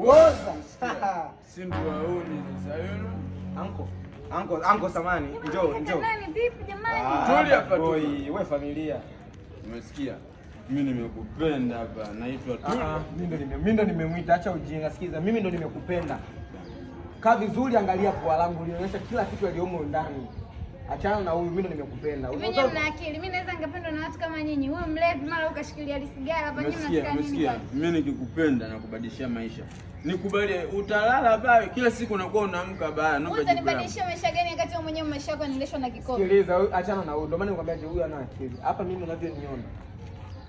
Uoza. Simbu wauni Zayuni. Anko. Anko, anko samani. Njoo, njoo. Vipi jamani? Ah, Julia hapa tu. Wewe familia. Umesikia? Mimi nimekupenda hapa. Naitwa tu. Ah, ah, mimi ndo nimemwita, acha ujinga. Sikiza, mimi ndo nimekupenda. Kaa vizuri, angalia kwa langu, lionyesha kila kitu yaliomo ndani. Achana na huyu, mimi ndo nimekupenda. Mimi nina akili. Mimi naweza kama nyinyi. Huyu mlevi mara ukashikilia sigara hapa nyinyi mnasikia nini? Mimi nikikupenda na kubadilishia maisha. Nikubali utalala baya kila siku unakuwa unaamka baya. Naomba jibu. Utanibadilishia maisha gani wakati wewe mwenyewe maisha yako yanilishwa na kikombe? Sikiliza, achana na huyo. Ndio maana nikwambia je, huyu ana akili. Hapa mimi unavyoniona.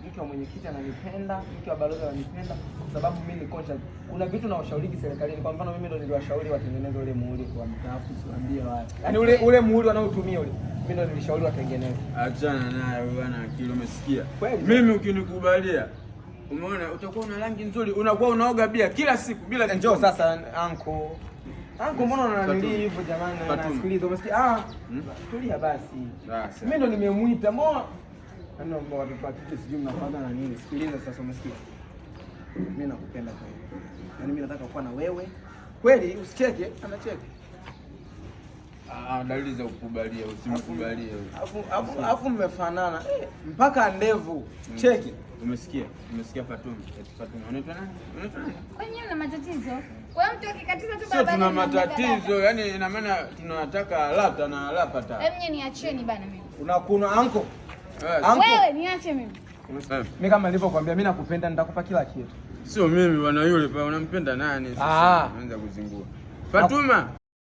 Mke wa mwenyekiti ananipenda, mke wa balozi ananipenda kwa sababu mimi ni kocha. Kuna vitu na washauriki serikalini. Kwa mfano mimi ndo niliwashauri watengeneze ule muhuri kwa mtaafu usiwaambie wapi. Yaani ule ule muhuri wanaotumia ule mimi nilishauri watengeneze. Achana naye bwana akili, umesikia? Mimi ukinikubalia, umeona utakuwa una rangi nzuri, unakuwa unaoga bia kila siku bila. Eh, njoo sasa anko Anko, mbona unanilii hivyo jamani? Na Nasikiliza, umesikia? Ah, hmm? tulia basi. Ah, mimi ndo nimemuita Mbona? Ndio yaani mbona watu wakiki sijui mnafanya na nini? Sikiliza sasa, umesikia? Mimi nakupenda kweli. Yaani mimi nataka kuwa na wewe. Kweli usicheke, anacheke. Ah, dalili za ukubalia usimkubalie. Alafu mmefanana eh, mpaka ndevu. Mm. Cheki. Umesikia? Umesikia Fatuma? Fatuma unaitwa nani? Unaitwa una matatizo. Mm. Wewe mtu akikatiza tu baba. Tuna matatizo, yani ina maana tunataka lata na lapata. Hebu nyie niacheni bana mimi. Unakuna anko? Eh. Wewe niache mimi. Mimi kama nilivyokuambia mimi nakupenda nitakupa kila kitu. Sio mimi bwana yule pa unampenda nani sasa? Ah. Unaanza kuzingua. Fatuma.